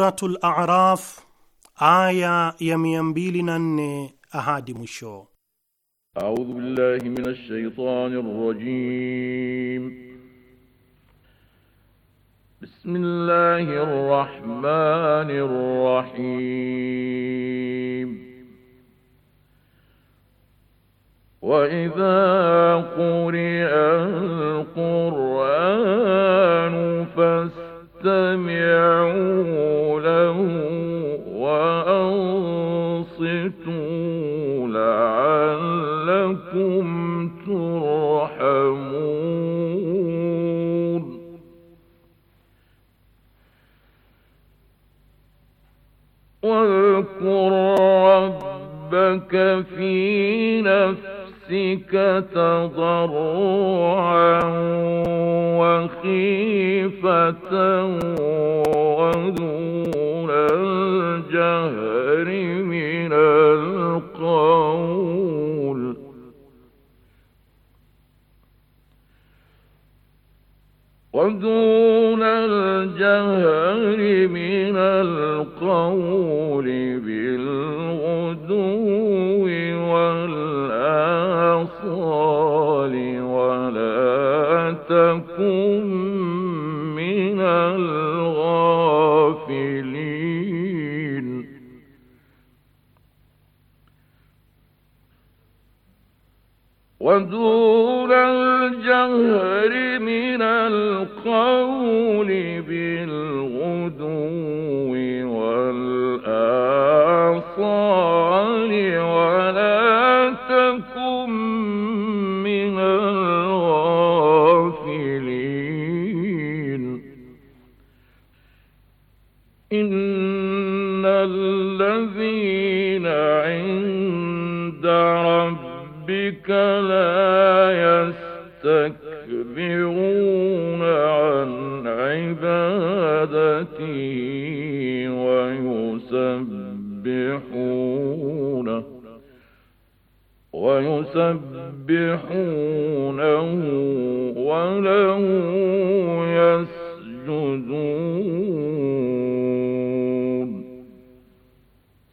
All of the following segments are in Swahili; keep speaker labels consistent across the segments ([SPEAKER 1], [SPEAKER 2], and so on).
[SPEAKER 1] Suratul Araf aya ya mia mbili na nne ahadi mwisho.
[SPEAKER 2] A'udhu billahi minash shaitanir rajim. Bismillahir rahmanir rahim. وإذا قرئ القرآن فاستمعوا تنصتوا لعلكم ترحمون واذكر ربك في نفسك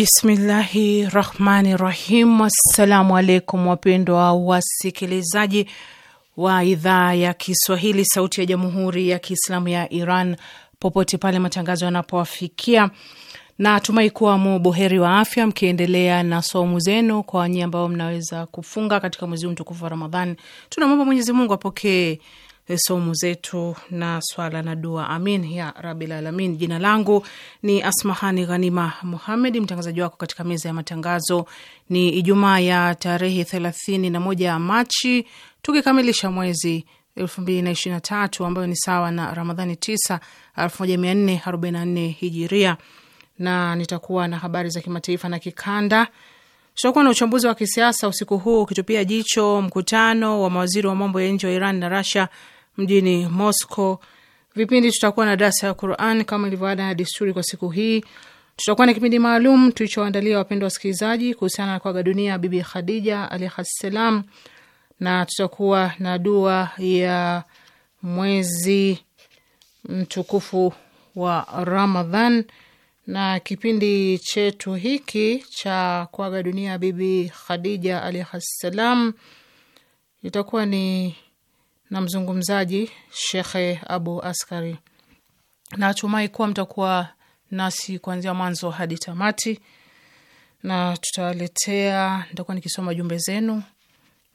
[SPEAKER 3] Bismillahi rahmani rahim. Assalamu alaikum wapendwa wasikilizaji wa idhaa ya Kiswahili sauti ya jamhuri ya Kiislamu ya Iran popote pale matangazo yanapowafikia, na tumai kuwa muboheri wa afya, mkiendelea na somu zenu. Kwa nyie ambao mnaweza kufunga katika mwezi huu mtukufu wa Ramadhani, tunamwomba Mwenyezi Mungu apokee somo zetu na swala na dua, amin ya rabil alamin. Jina langu ni Asmahani Ghanima Muhamed, mtangazaji wako katika meza ya matangazo. Ni Ijumaa ya tarehe thelathini na moja ya Machi, tukikamilisha mwezi elfu mbili na ishirini na tatu ambayo ni sawa na Ramadhani tisa elfu moja mia nne arobaini na nne hijiria, na nitakuwa na habari za kimataifa na kikanda tutakuwa na uchambuzi wa kisiasa usiku huu ukitupia jicho mkutano wa mawaziri wa mambo ya nje wa Iran na Rasia mjini Moscow. Vipindi tutakuwa na darsa ya Quran kama ilivyoada na desturi kwa siku hii. Tutakuwa na kipindi maalum tulichoandalia wapendwa wasikilizaji kuhusiana na kuaga dunia Bibi Khadija alaihis salam, na tutakuwa na dua ya mwezi mtukufu wa Ramadhan na kipindi chetu hiki cha kuaga dunia Bibi Khadija alaihis salam itakuwa ni na mzungumzaji Shekhe Abu Askari. Natumai kuwa mtakuwa nasi kuanzia mwanzo hadi tamati, na tutawaletea, nitakuwa nikisoma jumbe zenu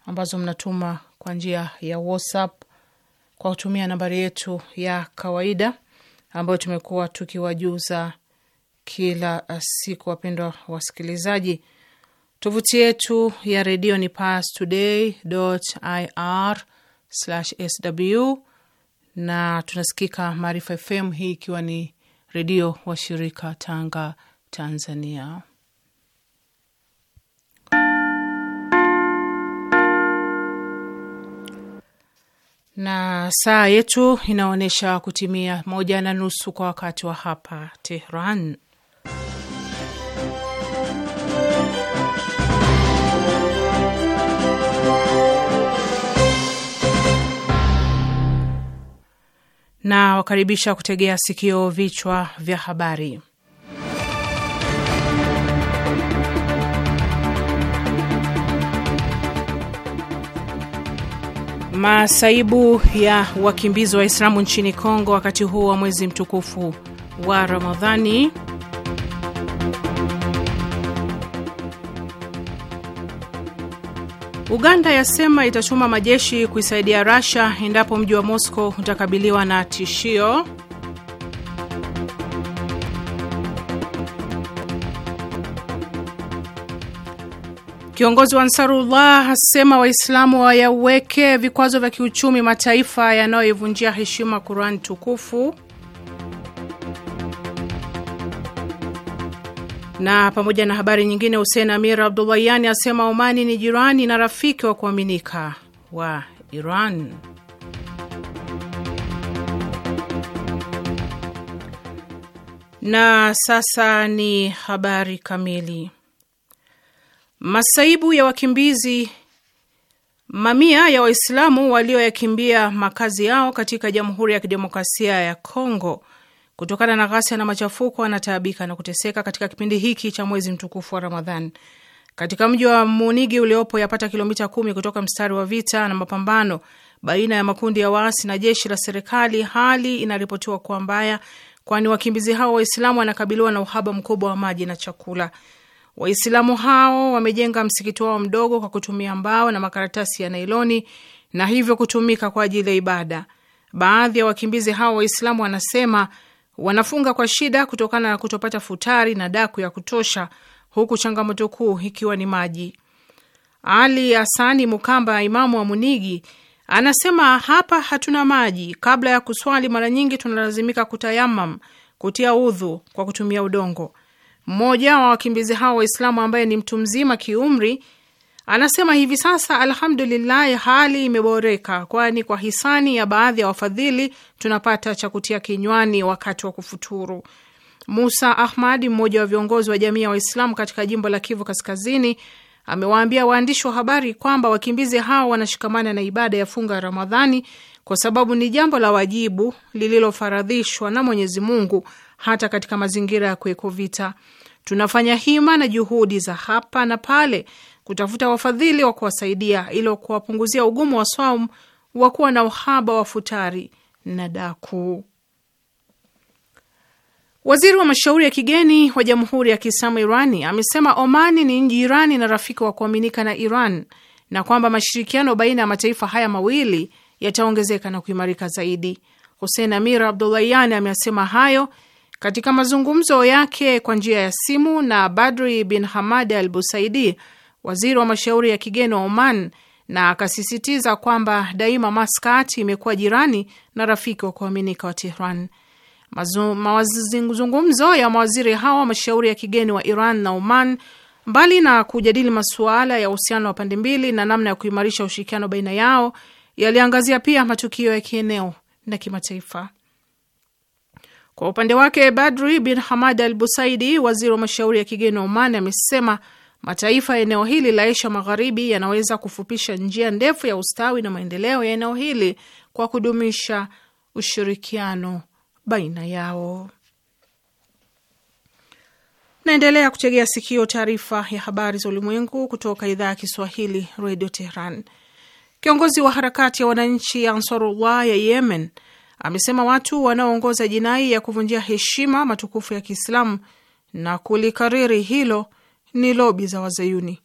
[SPEAKER 3] ambazo mnatuma kwa njia ya WhatsApp kwa kutumia nambari yetu ya kawaida ambayo tumekuwa tukiwajuza kila siku. Wapendwa wasikilizaji, tovuti yetu ya redio ni pastoday.ir sw na tunasikika Maarifa FM, hii ikiwa ni redio wa shirika Tanga, Tanzania. Na saa yetu inaonyesha kutimia moja na nusu kwa wakati wa hapa Tehran. na wakaribisha kutegea sikio vichwa vya habari. Masaibu ya wakimbizi wa islamu nchini Kongo wakati huu wa mwezi mtukufu wa Ramadhani. Uganda yasema itachuma majeshi kuisaidia Russia endapo mji wa Moscow utakabiliwa na tishio. Kiongozi wa Ansarullah asema Waislamu wayaweke vikwazo vya kiuchumi mataifa yanayoivunjia heshima Quran tukufu. Na pamoja na habari nyingine, Hussein Amir abdullayani asema Omani ni jirani na rafiki wa kuaminika wa Iran. Na sasa ni habari kamili. Masaibu ya wakimbizi Mamia ya Waislamu walioyakimbia makazi yao katika Jamhuri ya Kidemokrasia ya Kongo Kutokana na ghasia na machafuko, anataabika na kuteseka katika kipindi hiki cha mwezi mtukufu wa Ramadhan. Katika mji wa Munigi uliopo yapata kilomita kumi kutoka mstari wa vita na mapambano baina ya makundi ya waasi na jeshi la serikali, hali inaripotiwa kuwa mbaya, kwani wakimbizi hao Waislamu wanakabiliwa na uhaba mkubwa wa maji na chakula. Waislamu hao wamejenga msikiti wao mdogo kwa kutumia mbao na makaratasi ya nailoni na hivyo kutumika kwa ajili ya ibada. Baadhi ya wakimbizi hao Waislamu wanasema Wanafunga kwa shida kutokana na kutopata futari na daku ya kutosha, huku changamoto kuu ikiwa ni maji. Ali Hasani Mukamba, imamu wa Munigi, anasema hapa hatuna maji. Kabla ya kuswali, mara nyingi tunalazimika kutayamam, kutia udhu kwa kutumia udongo. Mmoja wa wakimbizi hao Waislamu ambaye ni mtu mzima kiumri Anasema hivi sasa, alhamdulillahi, hali imeboreka, kwani kwa hisani ya baadhi ya wafadhili tunapata cha kutia kinywani wakati wa kufuturu. Musa Ahmad, mmoja wa viongozi wa jamii ya Waislamu katika jimbo la Kivu Kaskazini, amewaambia waandishi wa habari kwamba wakimbizi hao wanashikamana na ibada ya funga ya Ramadhani kwa sababu ni jambo la wajibu lililofaradhishwa na Mwenyezi Mungu hata katika mazingira ya kuweko vita. Tunafanya hima na juhudi za hapa na pale kutafuta wafadhili wa kuwasaidia ili kuwapunguzia ugumu wa swaumu wa kuwa na uhaba wa futari na daku. Waziri wa mashauri ya kigeni wa Jamhuri ya Kiislamu Irani amesema Omani ni nji jirani na rafiki wa kuaminika na Iran na kwamba mashirikiano baina ya mataifa haya mawili yataongezeka na kuimarika zaidi. Hussein Amir Abdullahian amesema hayo katika mazungumzo yake kwa njia ya simu na Badri bin Hamad al Busaidi, waziri wa mashauri ya kigeni wa Oman, na akasisitiza kwamba daima maskat imekuwa jirani na rafiki wa kuaminika wa Tehran. Mazungumzo ya mawaziri hao wa mashauri ya kigeni wa Iran na Oman, mbali na kujadili masuala ya uhusiano wa pande mbili na namna ya kuimarisha ushirikiano baina yao, yaliangazia pia matukio ya kieneo na kimataifa. Kwa upande wake, Badri bin Hamad al Busaidi, waziri wa mashauri ya kigeni wa Oman, amesema Mataifa ya eneo hili la Asia Magharibi yanaweza kufupisha njia ndefu ya ustawi na maendeleo ya eneo hili kwa kudumisha ushirikiano baina yao. Naendelea kutegea sikio taarifa ya habari za ulimwengu kutoka idhaa ya Kiswahili, redio Tehran. Kiongozi wa harakati ya wananchi ya Ansarullah ya Yemen amesema watu wanaoongoza jinai ya kuvunjia heshima matukufu ya Kiislamu na kulikariri hilo ni lobi za Wazayuni.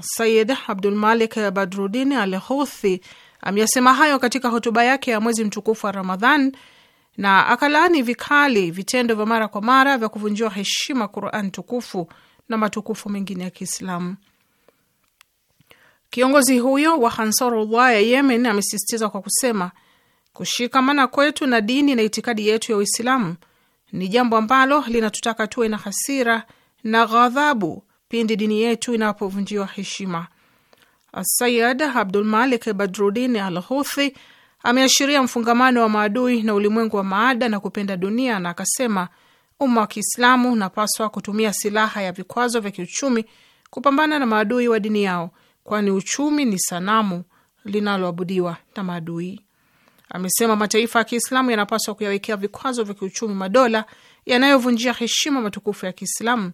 [SPEAKER 3] Sayid malik Badrudin Al Houthi ameyasema hayo katika hotuba yake ya mwezi mtukufu wa Ramadhan na akalaani vikali vitendo vya mara kwa mara vya kuvunjiwa heshima Quran tukufu na matukufu mengine ya Kiislamu. Kiongozi huyo wa Hansarullah ya Yemen amesisitiza kwa kusema, kushikamana kwetu na dini na itikadi yetu ya Uislamu ni jambo ambalo linatutaka tuwe na hasira na ghadhabu pindi dini yetu inapovunjiwa heshima. Sayid Abdul Malik Badrudin Al Huthi ameashiria mfungamano wa maadui na ulimwengu wa maada na kupenda dunia, na akasema umma wa Kiislamu unapaswa kutumia silaha ya vikwazo vya kiuchumi kupambana na maadui wa dini yao, kwani uchumi ni sanamu linaloabudiwa na maadui. Amesema mataifa ya Kiislamu yanapaswa kuyawekea vikwazo vya kiuchumi madola yanayovunjia heshima matukufu ya Kiislamu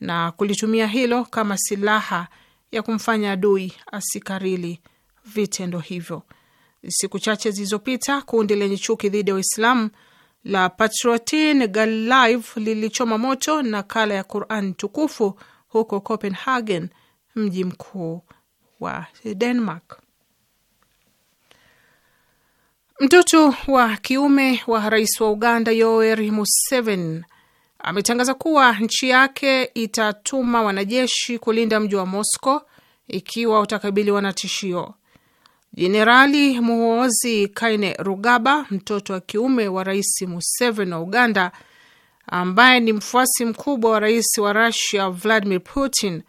[SPEAKER 3] na kulitumia hilo kama silaha ya kumfanya adui asikarili vitendo hivyo. Siku chache zilizopita, kundi lenye chuki dhidi ya Uislamu la Patriotin Galliv lilichoma moto nakala ya Quran tukufu huko Copenhagen, mji mkuu wa Denmark. Mtoto wa kiume wa rais wa Uganda Yoweri Museveni ametangaza kuwa nchi yake itatuma wanajeshi kulinda mji wa Moscow ikiwa utakabiliwa na tishio. Jenerali Muhoozi Kainerugaba, mtoto wa kiume wa Rais Museveni wa Uganda, ambaye ni mfuasi mkubwa wa rais wa Rusia Vladimir Putin,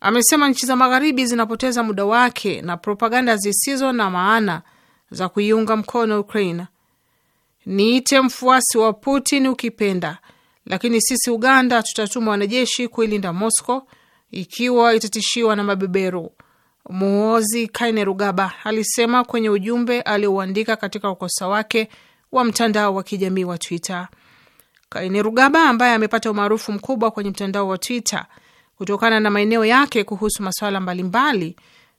[SPEAKER 3] amesema nchi za magharibi zinapoteza muda wake na propaganda zisizo na maana za kuiunga mkono Ukraine. Niite mfuasi wa Putin ukipenda, lakini sisi Uganda tutatuma wanajeshi kuilinda Moscow ikiwa itatishiwa na mabeberu, Muozi Kainerugaba alisema kwenye ujumbe aliouandika katika ukosa wake wa mtandao wa kijamii wa Twitter. Kainerugaba ambaye amepata umaarufu mkubwa kwenye mtandao wa Twitter kutokana na maeneo yake kuhusu masuala mbalimbali,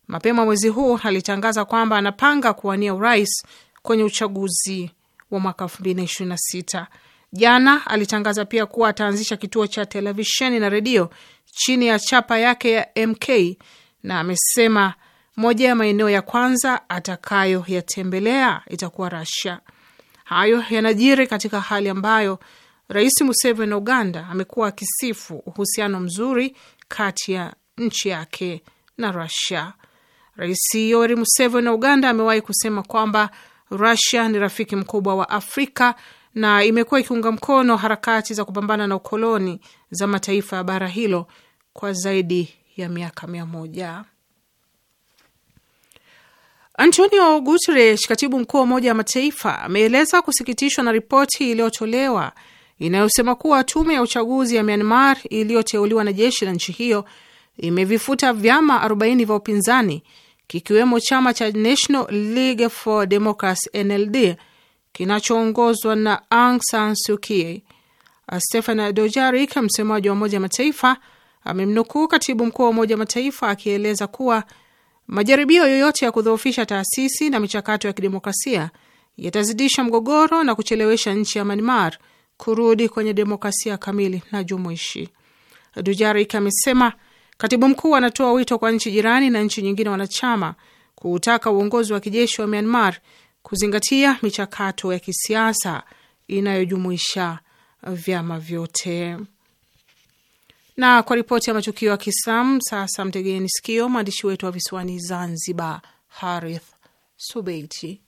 [SPEAKER 3] mapema mwezi huu alitangaza kwamba anapanga kuwania urais kwenye uchaguzi wa mwaka 226 Jana alitangaza pia kuwa ataanzisha kituo cha televisheni na redio chini ya chapa yake ya MK na amesema moja ya maeneo ya kwanza atakayoyatembelea itakuwa Rasia. Hayo yanajiri katika hali ambayo Rais Museveni wa Uganda amekuwa akisifu uhusiano mzuri kati ya nchi yake na Rasia. Rais Yoweri Museveni wa Uganda amewahi kusema kwamba Rasia ni rafiki mkubwa wa Afrika na imekuwa ikiunga mkono harakati za kupambana na ukoloni za mataifa ya bara hilo kwa zaidi ya miaka mia moja. Antonio Guterres, katibu mkuu wa Umoja wa Mataifa, ameeleza kusikitishwa na ripoti iliyotolewa inayosema kuwa tume ya uchaguzi ya Myanmar iliyoteuliwa na jeshi la nchi hiyo imevifuta vyama 40 vya upinzani kikiwemo chama cha National League for Democracy NLD kinachoongozwa na Aung San Suu Kyi. Dojarik, msemaji wa Umoja Mataifa, amemnukuu katibu mkuu wa Umoja Mataifa akieleza kuwa majaribio yoyote ya kudhoofisha taasisi na michakato ya kidemokrasia yatazidisha mgogoro na kuchelewesha nchi ya Myanmar kurudi kwenye demokrasia kamili na jumuishi. Dujarik amesema katibu mkuu anatoa wito kwa nchi jirani na nchi nyingine wanachama kuutaka uongozi wa kijeshi wa Myanmar kuzingatia michakato ya kisiasa inayojumuisha vyama vyote. Na kwa ripoti ya matukio ya Kiislamu, sasa mtegeni sikio mwandishi wetu wa visiwani Zanzibar, Harith Subeiti.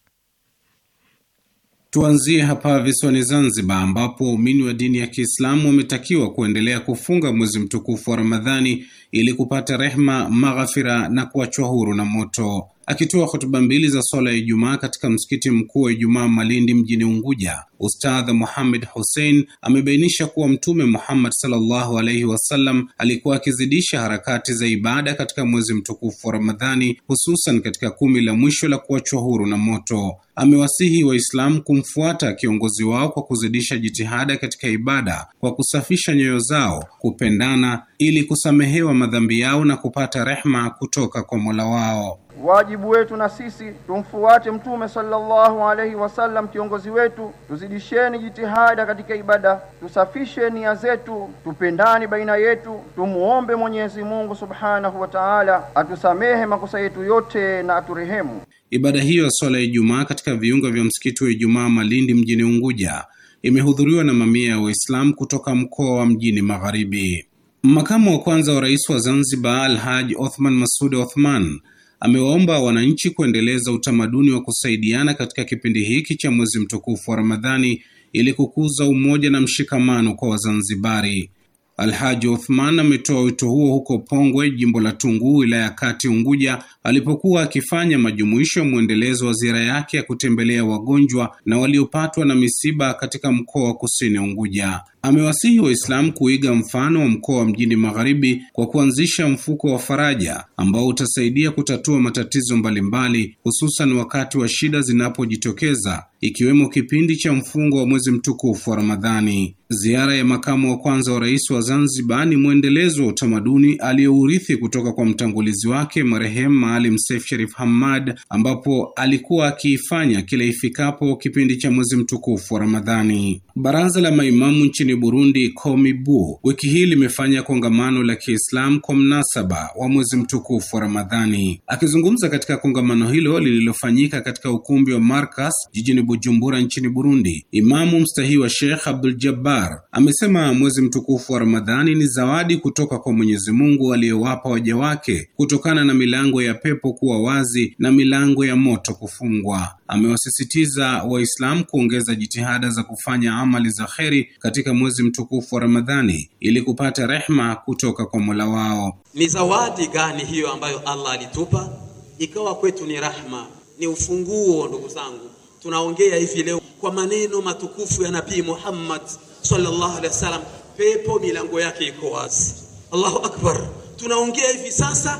[SPEAKER 4] Tuanzie hapa visiwani Zanzibar, ambapo waumini wa dini ya Kiislamu wametakiwa kuendelea kufunga mwezi mtukufu wa Ramadhani ili kupata rehma, maghfira na kuachwa huru na moto. Akitoa hotuba mbili za swala ya Ijumaa katika msikiti mkuu wa Ijumaa Malindi mjini Unguja, Ustadh Muhammad Hussein amebainisha kuwa Mtume Muhammad sallallahu alaihi wasallam alikuwa akizidisha harakati za ibada katika mwezi mtukufu wa Ramadhani, hususan katika kumi la mwisho la kuachwa huru na moto. Amewasihi Waislamu kumfuata kiongozi wao kwa kuzidisha jitihada katika ibada, kwa kusafisha nyoyo zao, kupendana ili kusamehewa madhambi yao na kupata rehma kutoka kwa Mola wao.
[SPEAKER 5] Wajibu wetu na sisi tumfuate Mtume sallallahu alaihi wasallam, kiongozi wetu. Tuzidisheni jitihada katika ibada, tusafishe nia zetu, tupendani baina yetu, tumuombe Mwenyezi Mungu subhanahu wa Ta'ala atusamehe makosa yetu yote na aturehemu.
[SPEAKER 4] Ibada hiyo ya swala ya Ijumaa katika viunga vya msikiti wa Ijumaa Malindi mjini Unguja imehudhuriwa na mamia ya Waislamu kutoka mkoa wa mjini Magharibi. Makamu wa kwanza wa rais wa Zanzibar alhaj Othman Masud Othman amewaomba wananchi kuendeleza utamaduni wa kusaidiana katika kipindi hiki cha mwezi mtukufu wa Ramadhani ili kukuza umoja na mshikamano kwa Wazanzibari. Alhaji Othman ametoa wito huo huko Pongwe, jimbo la Tunguu, wilaya ya Kati Unguja, alipokuwa akifanya majumuisho ya mwendelezo wa ziara yake ya kutembelea wagonjwa na waliopatwa na misiba katika mkoa wa Kusini Unguja amewasihi Waislamu kuiga mfano wa mkoa wa Mjini Magharibi kwa kuanzisha mfuko wa faraja ambao utasaidia kutatua matatizo mbalimbali, hususan wakati wa shida zinapojitokeza ikiwemo kipindi cha mfungo wa mwezi mtukufu wa Ramadhani. Ziara ya makamu wa kwanza wa rais wa Zanzibar ni mwendelezo wa utamaduni aliyourithi kutoka kwa mtangulizi wake marehemu Maalim Seif Sharif Hamad, ambapo alikuwa akiifanya kila ifikapo kipindi cha mwezi mtukufu wa Ramadhani. Baraza la maimamu nchini nchini Burundi, Komibu, wiki hii limefanya kongamano la Kiislamu kwa mnasaba wa mwezi mtukufu wa Ramadhani. Akizungumza katika kongamano hilo lililofanyika katika ukumbi wa Markas jijini Bujumbura nchini Burundi, imamu mstahii wa Sheikh Abdul Jabbar amesema mwezi mtukufu wa Ramadhani ni zawadi kutoka kwa Mwenyezi Mungu aliyowapa waja wake kutokana na milango ya pepo kuwa wazi na milango ya moto kufungwa. Amewasisitiza Waislamu kuongeza jitihada za kufanya amali za kheri katika mwezi mtukufu wa Ramadhani ili kupata rehma kutoka kwa Mola wao. Ni zawadi gani hiyo ambayo Allah alitupa ikawa kwetu ni rahma, ni ufunguo. Ndugu zangu, tunaongea hivi leo kwa maneno matukufu ya Nabii Muhammad sallallahu alaihi wasallam, pepo milango yake
[SPEAKER 6] iko wazi. Allahu akbar! Tunaongea hivi sasa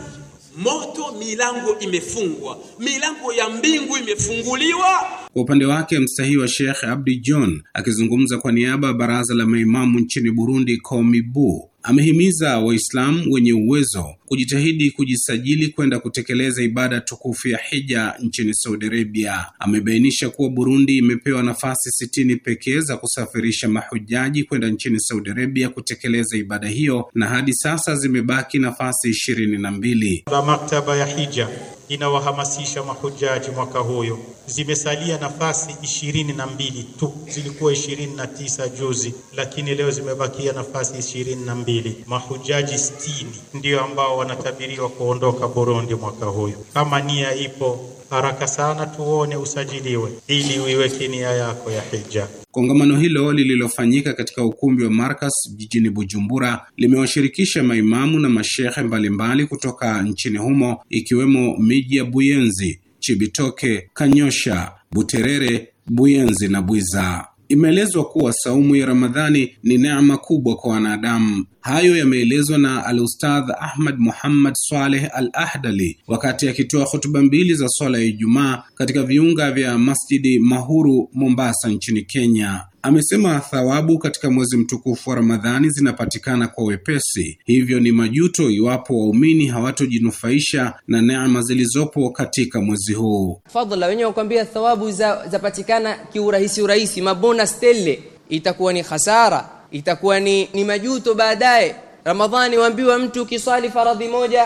[SPEAKER 6] moto, milango
[SPEAKER 4] imefungwa,
[SPEAKER 6] milango ya mbingu imefunguliwa.
[SPEAKER 4] Kwa upande wake mstahii wa Sheikh Abdi John akizungumza kwa niaba ya baraza la maimamu nchini Burundi, Komibu, amehimiza Waislamu wenye uwezo kujitahidi kujisajili kwenda kutekeleza ibada tukufu ya hija nchini Saudi Arabia. Amebainisha kuwa Burundi imepewa nafasi sitini pekee za kusafirisha mahujaji kwenda nchini Saudi Arabia kutekeleza ibada hiyo, na hadi sasa zimebaki nafasi ishirini na mbili.
[SPEAKER 1] Maktaba ya hija inawahamasisha mahujaji mwaka huyo, zimesalia nafasi ishirini na mbili tu. Zilikuwa ishirini na tisa juzi, lakini leo zimebakia nafasi ishirini na mbili. Mahujaji sitini ndio ambao ambao wanatabiriwa kuondoka Burundi mwaka huyu. Kama nia ipo, haraka sana tuone usajiliwe ili uiweke nia yako ya hija.
[SPEAKER 4] Kongamano hilo lililofanyika katika ukumbi wa Markas jijini Bujumbura limewashirikisha maimamu na mashehe mbalimbali kutoka nchini humo ikiwemo miji ya Buyenzi, Chibitoke, Kanyosha, Buterere, Buyenzi na Bwiza. Imeelezwa kuwa saumu ya Ramadhani ni neema kubwa kwa wanadamu. Hayo yameelezwa na Alustadh Ahmad Muhammad Saleh Al Ahdali wakati akitoa hotuba mbili za swala ya Ijumaa katika viunga vya Masjidi Mahuru, Mombasa, nchini Kenya amesema thawabu katika mwezi mtukufu wa Ramadhani zinapatikana kwa wepesi, hivyo ni majuto iwapo waumini hawatojinufaisha na neema zilizopo katika mwezi huu.
[SPEAKER 7] Fadhla wenyewe wakuambia thawabu zapatikana za kiurahisi urahisi, mabona stele itakuwa ni hasara, itakuwa ni, ni majuto baadaye. Ramadhani waambiwa mtu ukiswali faradhi moja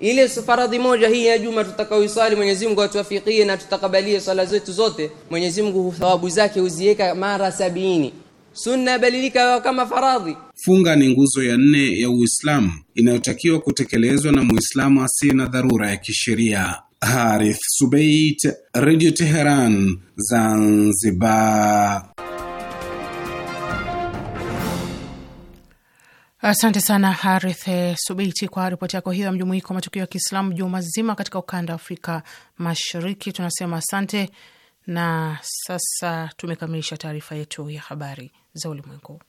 [SPEAKER 7] ile faradhi moja hii ya juma tutakaoiswali Mwenyezi Mungu atuwafikie na tutakabalie swala zetu zote. Mwenyezi Mungu thawabu zake huziweka mara sabini. Sunna balilika kama faradhi.
[SPEAKER 4] Funga ni nguzo ya nne ya Uislamu inayotakiwa kutekelezwa na Muislamu asiye na dharura ya kisheria. Harith Subait, Radio Teheran, Zanzibar.
[SPEAKER 3] Asante sana Harith Subiti kwa ripoti yako hiyo ya mjumuiko wa matukio ya Kiislamu juma zima katika ukanda wa Afrika Mashariki. Tunasema asante, na sasa tumekamilisha taarifa yetu ya habari za ulimwengu.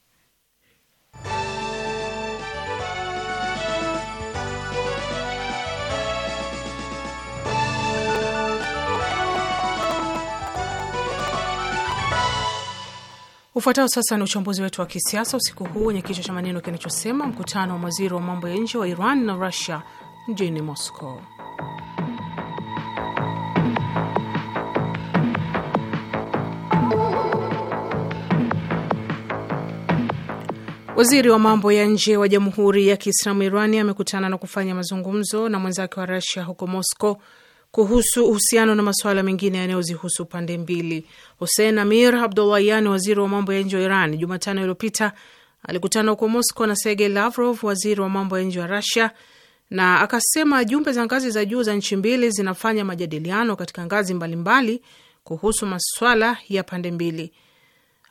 [SPEAKER 3] Ufuatao sasa ni uchambuzi wetu wa kisiasa usiku huu wenye kichwa cha maneno kinachosema mkutano wa mawaziri wa mambo ya nje wa Iran na Rusia mjini Moscow. Waziri wa mambo ya nje wa Jamhuri ya Kiislamu Irani amekutana na kufanya mazungumzo na mwenzake wa Rusia huko Moscow kuhusu uhusiano na masuala mengine yanayozihusu pande mbili. Hussein Amir Abdullahian, waziri wa mambo ya nje wa Iran, Jumatano iliyopita alikutana huko Moscow na Sergei Lavrov, waziri wa mambo ya nje wa Rusia, na akasema jumbe za ngazi za juu za nchi mbili zinafanya majadiliano katika ngazi mbalimbali mbali kuhusu maswala ya pande mbili.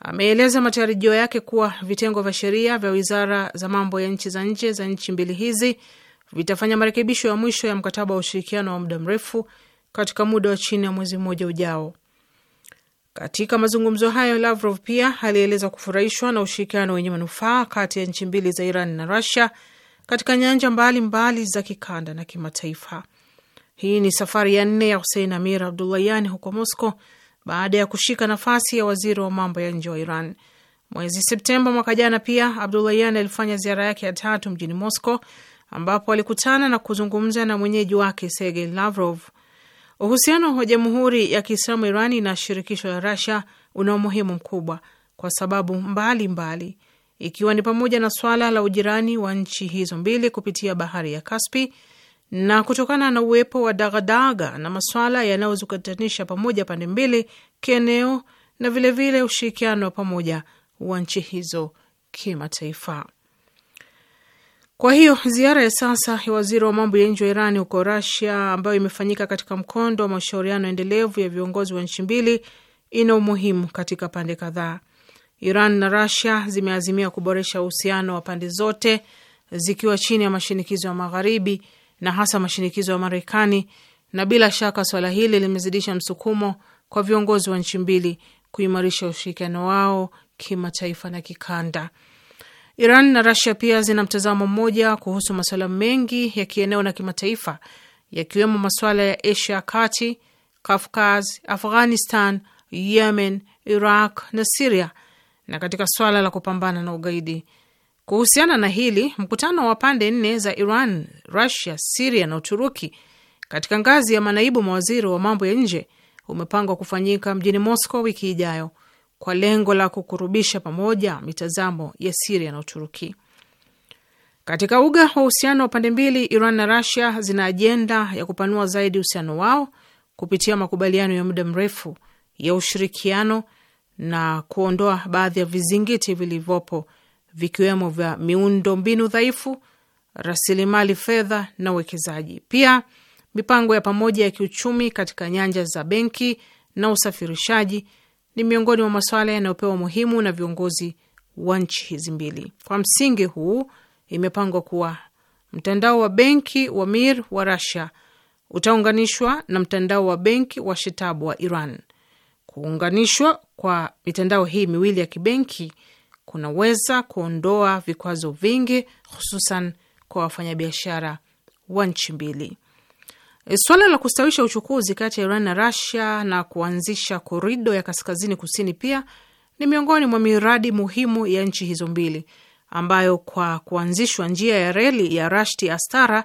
[SPEAKER 3] Ameeleza matarajio yake kuwa vitengo vya sheria vya wizara za mambo ya nchi za nje za nchi mbili hizi vitafanya marekebisho ya mwisho ya mkataba wa ushirikiano wa muda mrefu katika muda wa chini ya mwezi mmoja ujao. Katika mazungumzo hayo, Lavrov pia alieleza kufurahishwa na ushirikiano wenye manufaa kati ya nchi mbili za Iran na rusia katika nyanja mbalimbali mbali za kikanda na kimataifa. Hii ni safari ya nne ya Husein Amir abdullayan huko mosco baada ya kushika nafasi ya waziri wa mambo ya nje wa Iran. Mwezi Septemba mwaka jana pia abdullayan alifanya ziara yake ya tatu mjini Moscow ambapo alikutana na kuzungumza na mwenyeji wake Sergei Lavrov. Uhusiano wa Jamhuri ya Kiislamu Irani na shirikisho la Rasia una umuhimu mkubwa kwa sababu mbalimbali mbali, ikiwa ni pamoja na swala la ujirani wa nchi hizo mbili kupitia bahari ya Kaspi na kutokana na uwepo wa dagadaga na maswala yanayozikutanisha pamoja pande mbili kieneo na vilevile ushirikiano wa pamoja wa nchi hizo kimataifa. Kwa hiyo ziara ya sasa ya waziri wa mambo ya nje wa iran huko Rasia, ambayo imefanyika katika mkondo wa mashauriano endelevu ya viongozi wa nchi mbili, ina umuhimu katika pande kadhaa. Iran na Rasia zimeazimia kuboresha uhusiano wa pande zote zikiwa chini ya mashinikizo ya Magharibi na hasa mashinikizo ya Marekani, na bila shaka swala hili limezidisha msukumo kwa viongozi wa nchi mbili kuimarisha ushirikiano wao kimataifa na kikanda. Iran na Rasia pia zina mtazamo mmoja kuhusu masuala mengi ya kieneo na kimataifa yakiwemo masuala ya Asia ya kati, Kafkaz, Afghanistan, Yemen, Iraq na Siria, na katika swala la kupambana na ugaidi. Kuhusiana na hili, mkutano wa pande nne za Iran, Rusia, Siria na Uturuki katika ngazi ya manaibu mawaziri wa mambo ya nje umepangwa kufanyika mjini Moscow wiki ijayo kwa lengo la kukurubisha pamoja mitazamo ya Siria na Uturuki. Katika uga wa uhusiano wa pande mbili, Iran na Rasia zina ajenda ya kupanua zaidi uhusiano wao kupitia makubaliano ya muda mrefu ya ushirikiano na kuondoa baadhi ya vizingiti vilivyopo vikiwemo vya miundo mbinu dhaifu, rasilimali fedha na uwekezaji. Pia mipango ya pamoja ya kiuchumi katika nyanja za benki na usafirishaji ni miongoni mwa masuala yanayopewa umuhimu na viongozi wa nchi hizi mbili. Kwa msingi huu, imepangwa kuwa mtandao wa benki wa Mir wa Russia utaunganishwa na mtandao wa benki wa Shetabu wa Iran. Kuunganishwa kwa mitandao hii miwili ya kibenki kunaweza kuondoa vikwazo vingi, hususan kwa wafanyabiashara wa nchi mbili. Eh, swala la kustawisha uchukuzi kati ya Iran na Rasia na kuanzisha korido ya kaskazini kusini pia ni miongoni mwa miradi muhimu ya nchi hizo mbili, ambayo kwa kuanzishwa njia ya reli ya Rashti Astara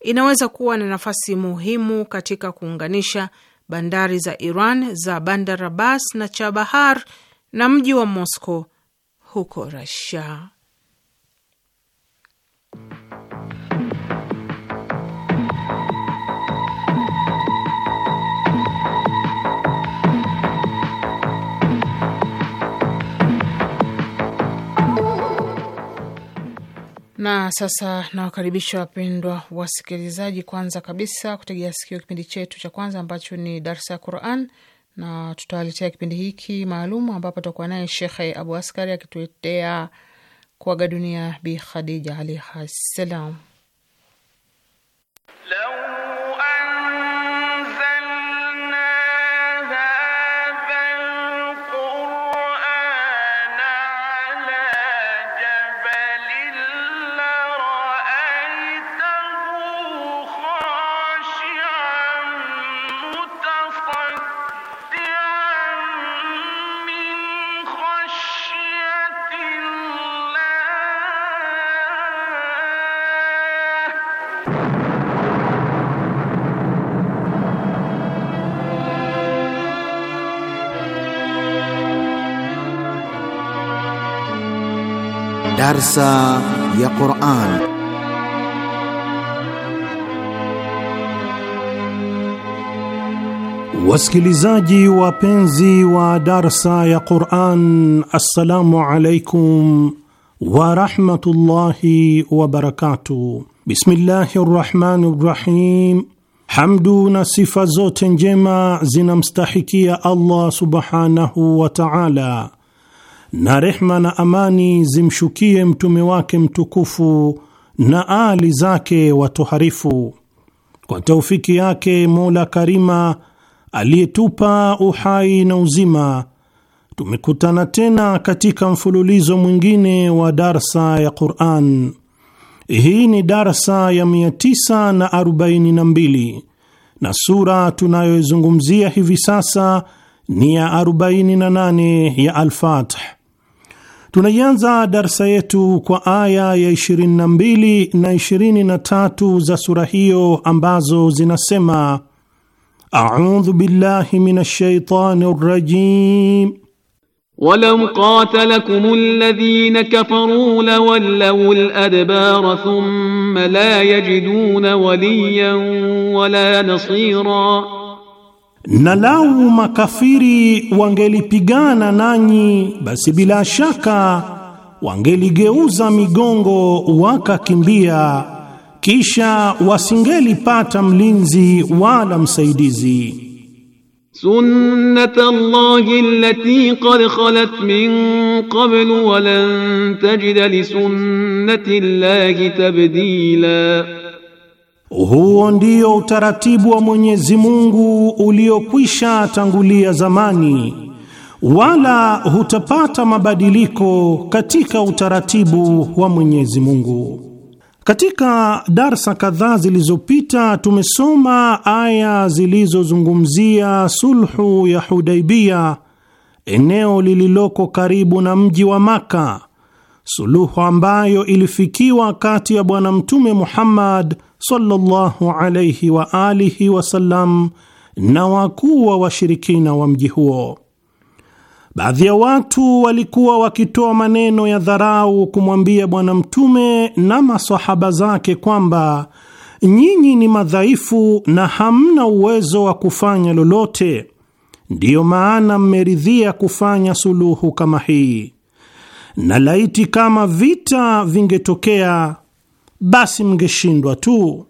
[SPEAKER 3] inaweza kuwa na nafasi muhimu katika kuunganisha bandari za Iran za Bandar Abbas na Chabahar na mji wa Moscow huko Rasia. Na sasa nawakaribisha wapendwa wasikilizaji, kwanza kabisa kutegea sikio kipindi chetu cha kwanza ambacho ni darsa ya Quran, na tutawaletea kipindi hiki maalum ambapo tutakuwa naye Shekhe Abu Askari akituletea kuaga dunia Bi Khadija alaihi salam.
[SPEAKER 5] درس يا
[SPEAKER 1] قرآن Wasikilizaji wapenzi wa darsa ya Quran, assalamu alaikum warahmatullahi wabarakatuh. Bismillahi rahmani rahim. Hamdu na sifa zote njema zinamstahikia Allah subhanahu wa taala, na rehma na amani zimshukie mtume wake mtukufu na ali zake watoharifu. Kwa taufiki yake Mola Karima aliyetupa uhai na uzima, tumekutana tena katika mfululizo mwingine wa darsa ya Quran. Hii ni darsa ya 942 na, na sura tunayoizungumzia hivi sasa ni ya 48 ya Al-Fath. Tunaianza darsa yetu kwa aya ya 22 na 23 za sura hiyo ambazo zinasema: audhu billahi minash shaitani rrajim
[SPEAKER 6] walau qatalakum alladhina kafaru lawallaw aladbara thumma la yajiduna waliyan wala nasira,
[SPEAKER 1] na lau makafiri wangelipigana nanyi, basi bila shaka wangeligeuza migongo wakakimbia, kisha wasingelipata mlinzi wala msaidizi
[SPEAKER 6] sunnata Allahi allati qad khalat min qablu wa lan tajida li sunnati Allahi tabdila,
[SPEAKER 1] huo ndio utaratibu wa Mwenyezi Mungu uliokwisha tangulia zamani, wala hutapata mabadiliko katika utaratibu wa Mwenyezi Mungu. Katika darsa kadhaa zilizopita tumesoma aya zilizozungumzia sulhu ya Hudaibia, eneo lililoko karibu na mji wa Maka, suluhu ambayo ilifikiwa kati ya Bwana Mtume Muhammad sallallahu wa alihi wasallam na wakuu wa washirikina wa mji huo. Baadhi ya watu walikuwa wakitoa maneno ya dharau kumwambia Bwana Mtume na masahaba zake kwamba nyinyi ni madhaifu na hamna uwezo wa kufanya lolote, ndiyo maana mmeridhia kufanya suluhu kama hii, na laiti kama vita vingetokea, basi mngeshindwa tu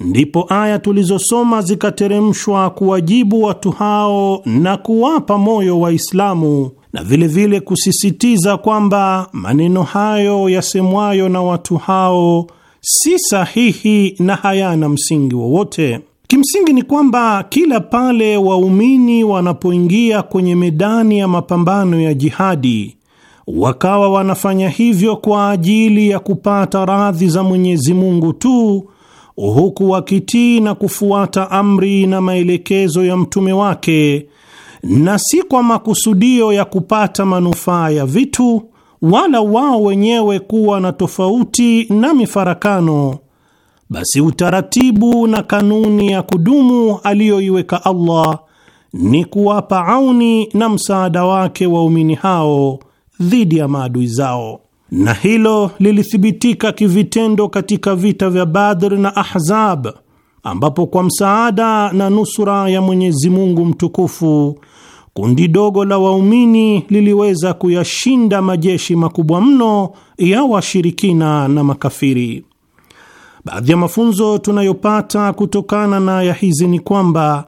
[SPEAKER 1] ndipo aya tulizosoma zikateremshwa kuwajibu watu hao na kuwapa moyo Waislamu na vilevile vile kusisitiza kwamba maneno hayo yasemwayo na watu hao si sahihi na hayana msingi wowote. Kimsingi ni kwamba kila pale waumini wanapoingia kwenye medani ya mapambano ya jihadi, wakawa wanafanya hivyo kwa ajili ya kupata radhi za Mwenyezi Mungu tu huku wakitii na kufuata amri na maelekezo ya mtume wake, na si kwa makusudio ya kupata manufaa ya vitu wala wao wenyewe kuwa na tofauti na mifarakano, basi utaratibu na kanuni ya kudumu aliyoiweka Allah ni kuwapa auni na msaada wake waumini hao dhidi ya maadui zao na hilo lilithibitika kivitendo katika vita vya Badr na Ahzab, ambapo kwa msaada na nusura ya Mwenyezi Mungu mtukufu kundi dogo la waumini liliweza kuyashinda majeshi makubwa mno ya washirikina na makafiri. Baadhi ya mafunzo tunayopata kutokana na ya hizi ni kwamba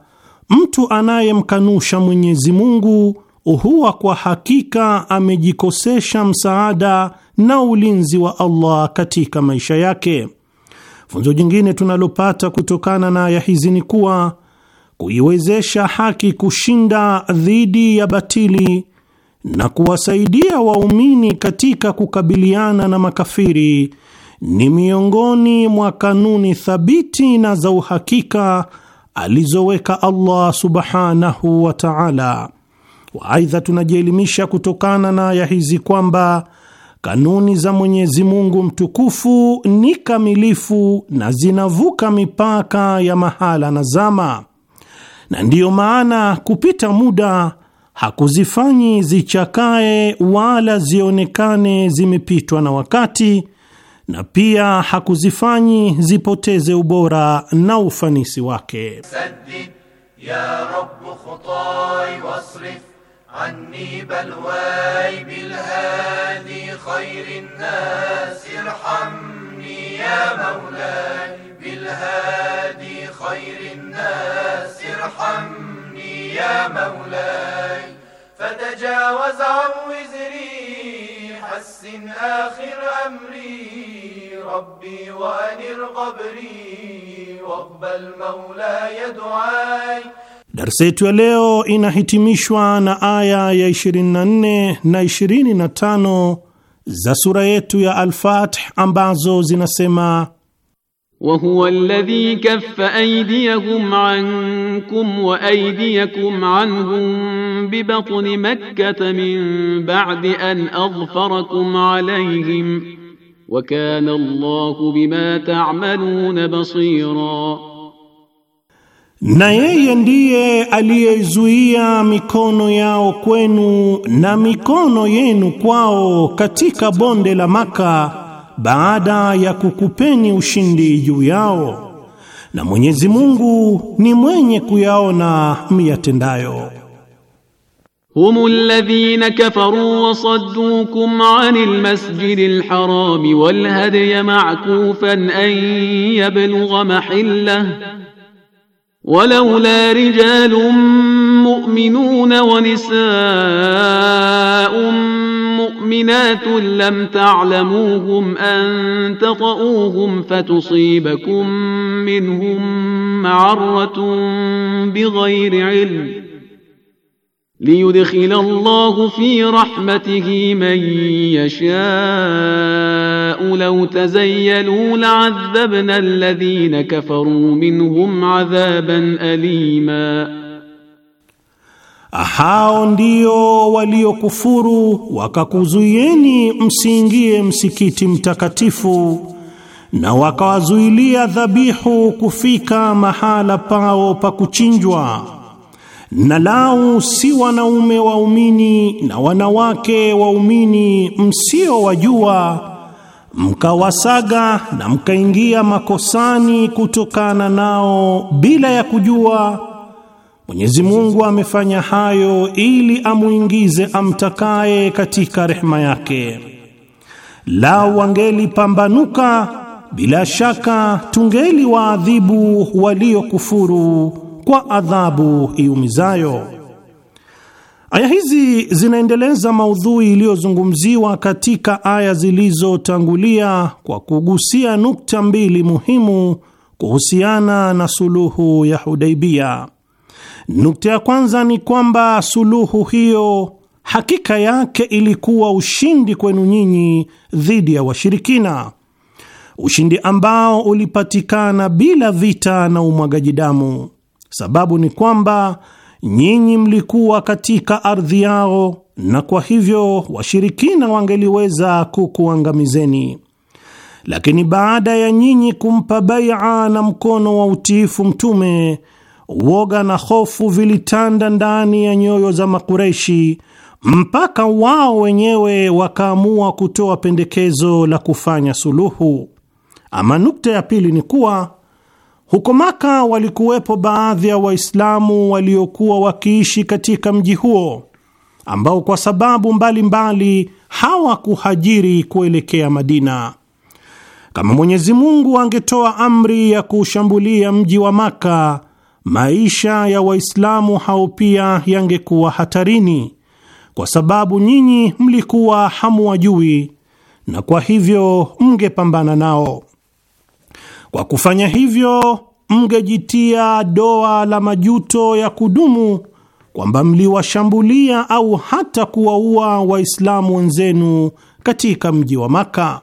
[SPEAKER 1] mtu anayemkanusha Mwenyezi Mungu huwa kwa hakika amejikosesha msaada na ulinzi wa Allah katika maisha yake. Funzo jingine tunalopata kutokana na aya hizi ni kuwa kuiwezesha haki kushinda dhidi ya batili na kuwasaidia waumini katika kukabiliana na makafiri ni miongoni mwa kanuni thabiti na za uhakika alizoweka Allah subhanahu wa ta'ala Aidha, tunajielimisha kutokana na aya hizi kwamba kanuni za Mwenyezi Mungu mtukufu ni kamilifu na zinavuka mipaka ya mahala na zama, na ndiyo maana kupita muda hakuzifanyi zichakae wala zionekane zimepitwa na wakati, na pia hakuzifanyi zipoteze ubora na ufanisi wake. Saddi,
[SPEAKER 8] ya عني بلواي بالهادي خير الناس ارحمني يا مولاي بالهادي خير الناس ارحمني يا مولاي فتجاوز عن وزري حسن آخر أمري ربي وأنر قبري واقبل مولاي
[SPEAKER 9] دعائي
[SPEAKER 1] Darsa yetu ya leo inahitimishwa na aya ya 24 na 25 za sura yetu ya Al-Fath ambazo zinasema وهو
[SPEAKER 6] الذي كف أيديهم عنكم وأيديكم عنهم ببطن مكة من بعد أن أظفركم عليهم وكان الله بما تعملون بصيراً
[SPEAKER 1] na yeye ndiye aliyeizuia mikono yao kwenu na mikono yenu kwao katika bonde la Maka baada ya kukupeni ushindi juu yao, na Mwenyezi Mungu ni mwenye kuyaona miyatendayo. Humu alladhina
[SPEAKER 6] kafaru wa saddukum anil masjidil harami wal ma'kufan an yablugha mahillah ولولا رجال مؤمنون ونساء مؤمنات لم تعلموهم ان تطؤوهم فتصيبكم منهم معره بغير علم liyudkhila Allahu fi rahmatihi man yashau law tazayyalu la'adhabna alladhina kafaru minhum adhaban alima,
[SPEAKER 1] hao ndio waliokufuru wakakuzuieni msiingie msikiti mtakatifu na wakawazuilia dhabihu kufika mahala pao pa kuchinjwa na lau si wanaume waumini na wanawake waumini msiowajua mkawasaga na mkaingia makosani kutokana nao bila ya kujua. Mwenyezi Mungu amefanya hayo ili amuingize amtakaye katika rehema yake. Lau wangelipambanuka, bila shaka tungeliwaadhibu waliokufuru kwa adhabu iumizayo. Aya hizi zinaendeleza maudhui iliyozungumziwa katika aya zilizotangulia kwa kugusia nukta mbili muhimu kuhusiana na suluhu ya Hudaibia. Nukta ya kwanza ni kwamba suluhu hiyo hakika yake ilikuwa ushindi kwenu nyinyi dhidi ya washirikina, ushindi ambao ulipatikana bila vita na umwagaji damu. Sababu ni kwamba nyinyi mlikuwa katika ardhi yao, na kwa hivyo washirikina wangeliweza kukuangamizeni. Lakini baada ya nyinyi kumpa baia na mkono wa utiifu Mtume, woga na hofu vilitanda ndani ya nyoyo za Makureshi mpaka wao wenyewe wakaamua kutoa pendekezo la kufanya suluhu. Ama nukta ya pili ni kuwa huko Maka walikuwepo baadhi ya Waislamu waliokuwa wakiishi katika mji huo ambao kwa sababu mbalimbali hawakuhajiri kuelekea Madina. Kama Mwenyezi Mungu angetoa amri ya kuushambulia mji wa Maka, maisha ya Waislamu hao pia yangekuwa hatarini, kwa sababu nyinyi mlikuwa hamuwajui na kwa hivyo mngepambana nao. Kwa kufanya hivyo, mngejitia doa la majuto ya kudumu kwamba mliwashambulia au hata kuwaua Waislamu wenzenu katika mji wa Maka.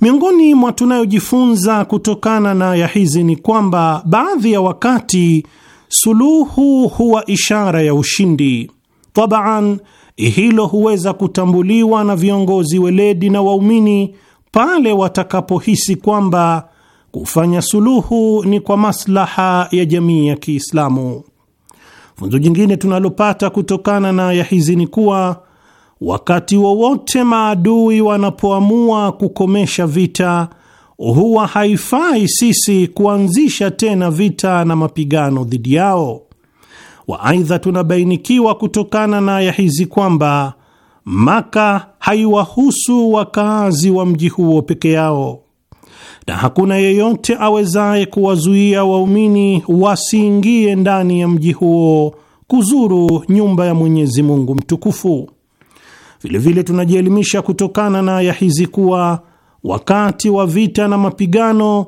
[SPEAKER 1] Miongoni mwa tunayojifunza kutokana na aya hizi ni kwamba baadhi ya wakati suluhu huwa ishara ya ushindi. Tabaan, hilo huweza kutambuliwa na viongozi weledi na waumini pale watakapohisi kwamba kufanya suluhu ni kwa maslaha ya jamii ya Kiislamu. Funzo jingine tunalopata kutokana na aya hizi ni kuwa wakati wowote wa maadui wanapoamua kukomesha vita, huwa haifai sisi kuanzisha tena vita na mapigano dhidi yao. wa Aidha, tunabainikiwa kutokana na aya hizi kwamba Maka haiwahusu wakaazi wa mji huo peke yao na hakuna yeyote awezaye kuwazuia waumini wasiingie ndani ya mji huo kuzuru nyumba ya Mwenyezi Mungu mtukufu. Vilevile tunajielimisha kutokana na aya hizi kuwa wakati wa vita na mapigano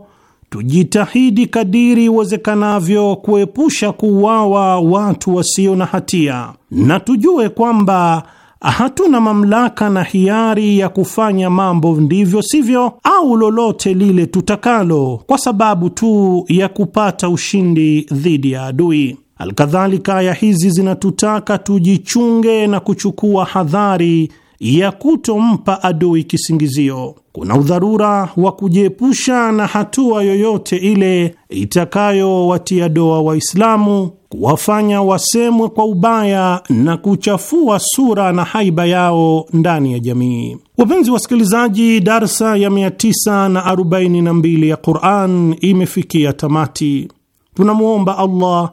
[SPEAKER 1] tujitahidi kadiri iwezekanavyo kuepusha kuuawa watu wasio na hatia, na tujue kwamba hatuna mamlaka na hiari ya kufanya mambo ndivyo sivyo au lolote lile tutakalo kwa sababu tu ya kupata ushindi dhidi ya adui. Alkadhalika, aya hizi zinatutaka tujichunge na kuchukua hadhari ya kutompa adui kisingizio. Kuna udharura wa kujiepusha na hatua yoyote ile itakayowatia doa Waislamu, kuwafanya wasemwe kwa ubaya na kuchafua sura na haiba yao ndani ya jamii. Wapenzi wasikilizaji, darsa ya 942 ya Quran imefikia tamati. Tunamwomba Allah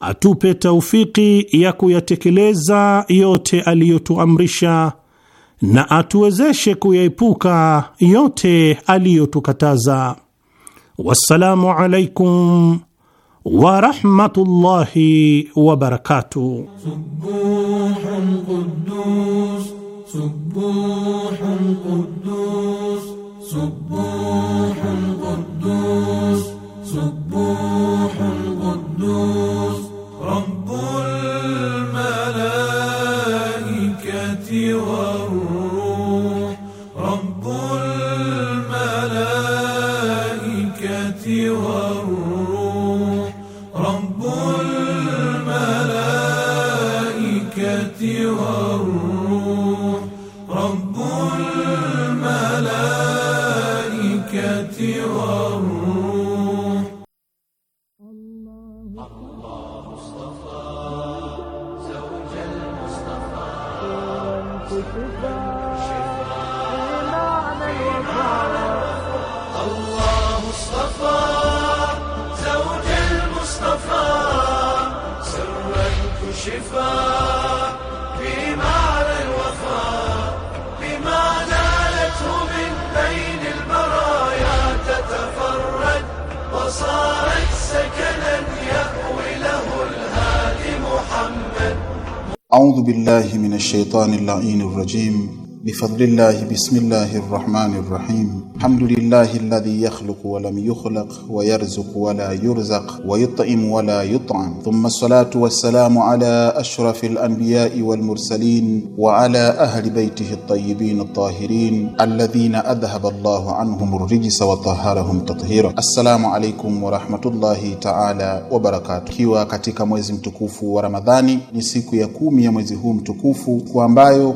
[SPEAKER 1] atupe taufiki ya kuyatekeleza yote aliyotuamrisha na atuwezeshe kuyaepuka yote aliyotukataza. Wassalamu alaikum wa rahmatullahi wa barakatuh.
[SPEAKER 8] رب
[SPEAKER 10] أعوذ بالله من الشيطان اللعين الرجيم بفضل الله بسم الله الرحمن الرحيم الحمد لله الذي يخلق ولم يخلق ويرزق ولا يرزق ويطعم ولا يطعم ثم الصلاة والسلام على أشرف الأنبياء والمرسلين وعلى أهل بيته الطيبين الطاهرين الذين أذهب الله عنهم الرجس وطهرهم تطهيرا السلام عليكم ورحمة الله تعالى وبركاته كيوا كتك mwezi mtukufu ورمضاني نسيكو ni siku ya kumi